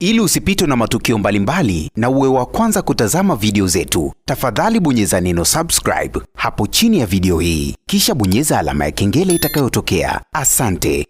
Ili usipitwe na matukio mbalimbali mbali, na uwe wa kwanza kutazama video zetu, tafadhali bonyeza neno subscribe hapo chini ya video hii, kisha bonyeza alama ya kengele itakayotokea. Asante.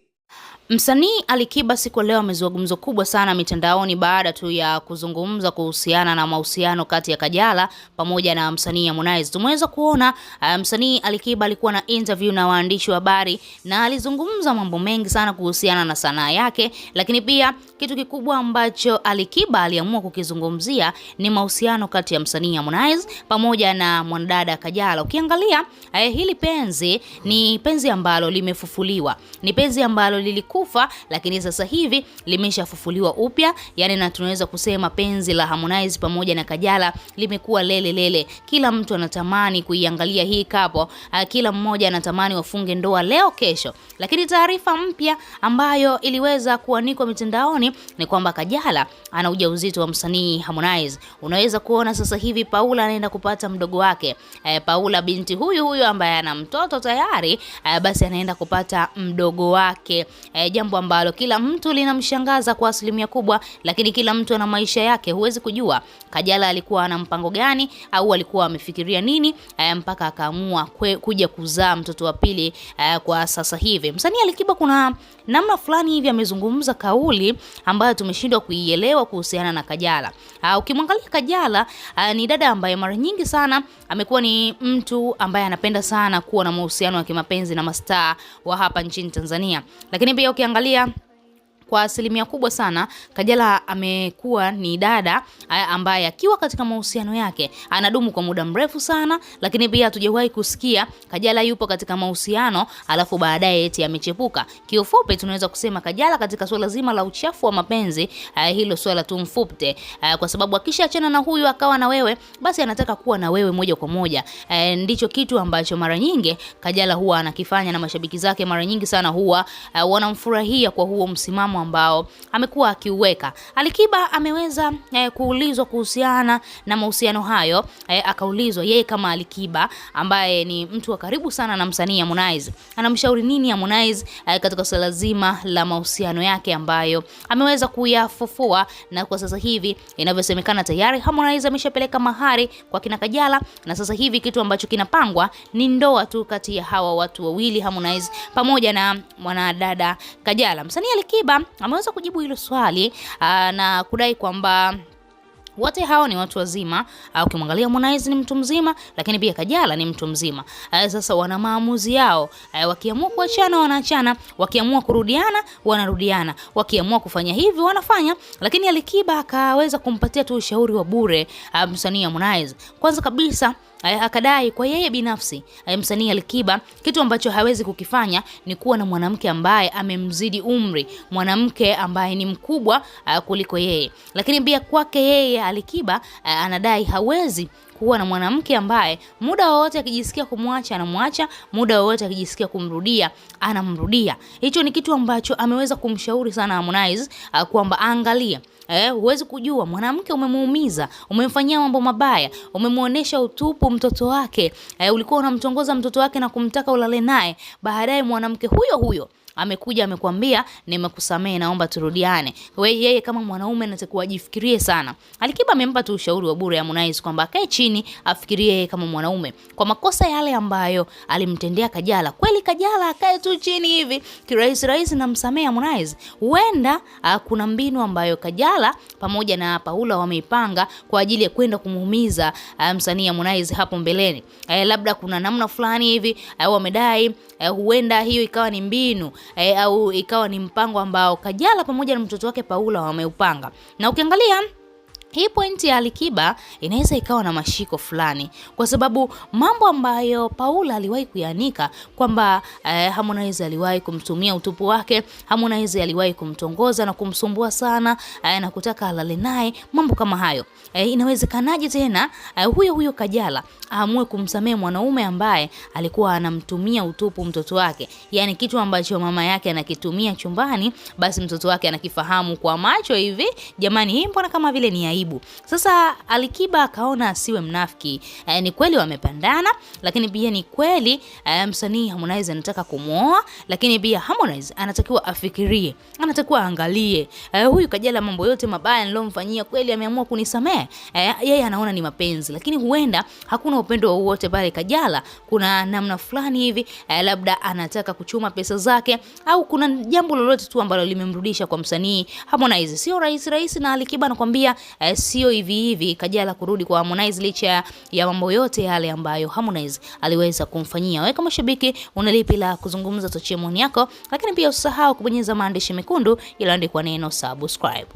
Msanii Alikiba siku leo amezua gumzo kubwa sana mitandaoni baada tu ya kuzungumza kuhusiana na mahusiano kati ya Kajala pamoja na msanii Harmonize. Tumeweza kuona uh, msanii Alikiba alikuwa na interview na waandishi wa habari na alizungumza mambo mengi sana kuhusiana na sanaa yake, lakini pia kitu kikubwa ambacho Alikiba aliamua kukizungumzia ni mahusiano kati ya msanii Harmonize pamoja na mwanadada Kajala. Ukiangalia eh, hili penzi ni penzi ambalo limefufuliwa, ni penzi ambalo lilikufa, lakini sasa hivi limeshafufuliwa upya, yani na tunaweza kusema penzi la Harmonize pamoja na Kajala limekuwa lele lele. Kila mtu anatamani kuiangalia hii kapo, ah, kila mmoja anatamani wafunge ndoa leo kesho, lakini taarifa mpya ambayo iliweza kuanikwa mitandaoni ni kwamba Kajala ana ujauzito wa msanii Harmonize. Unaweza kuona sasa hivi Paula anaenda kupata mdogo wake e, Paula binti huyu huyu ambaye ana mtoto tayari e, basi anaenda kupata mdogo wake e, jambo ambalo kila mtu linamshangaza kwa asilimia kubwa, lakini kila mtu ana maisha yake, huwezi kujua Kajala alikuwa ana mpango gani au alikuwa amefikiria nini e, mpaka akaamua kuja kuzaa mtoto wa pili e, kwa sasa hivi msanii Alikiba kuna namna fulani hivi amezungumza kauli ambayo tumeshindwa kuielewa kuhusiana na Kajala. Uh, ukimwangalia Kajala uh, ni dada ambaye mara nyingi sana amekuwa ni mtu ambaye anapenda sana kuwa na mahusiano ya kimapenzi na mastaa wa hapa nchini Tanzania, lakini pia ukiangalia kwa asilimia kubwa sana Kajala amekuwa ni dada ambaye akiwa katika mahusiano yake anadumu kwa muda mrefu sana, lakini pia hatujawahi kusikia Kajala yupo katika mahusiano alafu baadaye eti amechepuka. Kiufupi tunaweza kusema Kajala katika swala zima la uchafu wa mapenzi hilo swala tumfupte, kwa sababu akisha achana na huyu akawa na wewe, basi anataka kuwa na wewe moja kwa moja. Ndicho kitu ambacho mara nyingi Kajala huwa anakifanya na mashabiki zake mara nyingi sana huwa wanamfurahia kwa huo msimamo ambao amekuwa akiuweka. Alikiba ameweza eh, kuulizwa kuhusiana na mahusiano hayo eh, akaulizwa yeye kama Alikiba ambaye ni mtu wa karibu sana na msanii Harmonize anamshauri nini Harmonize eh, katika swala zima la mahusiano yake ambayo ameweza kuyafufua, na kwa sasa hivi inavyosemekana tayari Harmonize ameshapeleka mahari kwa kina Kajala, na sasa hivi kitu ambacho kinapangwa ni ndoa tu kati ya hawa watu wawili Harmonize pamoja na mwanadada Kajala. Msanii Alikiba ameweza kujibu hilo swali ah, na kudai kwamba wote hao ni watu wazima. Ah, ukimwangalia Harmonize ni mtu mzima, lakini pia Kajala ni mtu mzima. Ah, sasa wana maamuzi yao, wakiamua kuachana wanaachana, wakiamua kurudiana wanarudiana, wakiamua kufanya hivi wanafanya. Lakini Alikiba akaweza kumpatia tu ushauri wa bure msanii Harmonize. Kwanza kabisa Eh, akadai kwa yeye binafsi eh, msanii Alikiba kitu ambacho hawezi kukifanya ni kuwa na mwanamke ambaye amemzidi umri, mwanamke ambaye ni mkubwa eh, kuliko yeye. Lakini pia kwake yeye Alikiba anadai hawezi kuwa na mwanamke ambaye muda wowote akijisikia kumwacha anamwacha, muda wowote akijisikia kumrudia anamrudia. Hicho ni kitu ambacho ameweza kumshauri sana Harmonize uh, kwamba angalia Eh, huwezi kujua mwanamke umemuumiza, umemfanyia mambo mabaya, umemuonesha utupu mtoto wake. Eh, ulikuwa unamtongoza mtoto wake na kumtaka ulale naye, baadaye mwanamke huyo huyo amekuja amekwambia nimekusamehe, naomba turudiane. Wewe yeye kama mwanaume anatakiwa ajifikirie sana. Alikiba amempa tu ushauri wa bure Harmonize kwamba akae chini afikirie yeye kama mwanaume kwa makosa yale ambayo alimtendea Kajala. Kweli Kajala akae tu chini hivi kirahisi rahisi na msamehe Harmonize. Huenda ah, kuna mbinu ambayo Kajala pamoja na Paula wameipanga kwa ajili ya kwenda kumuumiza ah, msanii Harmonize hapo mbeleni. Eh, labda kuna namna fulani hivi ah, wamedai, eh, huenda hiyo ikawa ni mbinu eh, au ikawa ni mpango ambao Kajala pamoja na mtoto wake Paula wameupanga na ukiangalia hii pointi ya Alikiba inaweza ikawa na mashiko fulani, kwa sababu mambo ambayo Paula aliwahi kuyanika kwamba eh, Harmonize aliwahi kumtumia utupu wake, Harmonize aliwahi kumtongoza na kumsumbua sana eh, na kutaka alale naye, mambo kama hayo eh, inawezekanaje tena eh, huyo huyo Kajala aamue kumsamehe mwanaume ambaye alikuwa anamtumia utupu mtoto wake? Yani kitu ambacho mama yake anakitumia chumbani, basi mtoto wake anakifahamu kwa macho hivi. Jamani, hii mbona kama vile ni ya karibu. Sasa Alikiba akaona asiwe mnafiki. E, ni kweli wamepandana, lakini pia ni kweli e, msanii Harmonize anataka kumwoa, lakini pia Harmonize anatakiwa afikirie, anatakiwa angalie e, eh, huyu Kajala mambo yote mabaya nilomfanyia kweli ameamua kunisamehe. E, yeye anaona ni mapenzi, lakini huenda hakuna upendo wowote pale Kajala. Kuna namna fulani hivi e, labda anataka kuchuma pesa zake au kuna jambo lolote tu ambalo limemrudisha kwa msanii Harmonize. Sio rahisi rahisi, na Alikiba anakuambia Eh, sio hivi hivi Kajala kurudi kwa Harmonize licha ya mambo yote yale ambayo Harmonize aliweza kumfanyia. Wewe kama shabiki unalipi la kuzungumza, tochia maoni yako, lakini pia usahau kubonyeza maandishi mekundu yaliyoandikwa neno subscribe.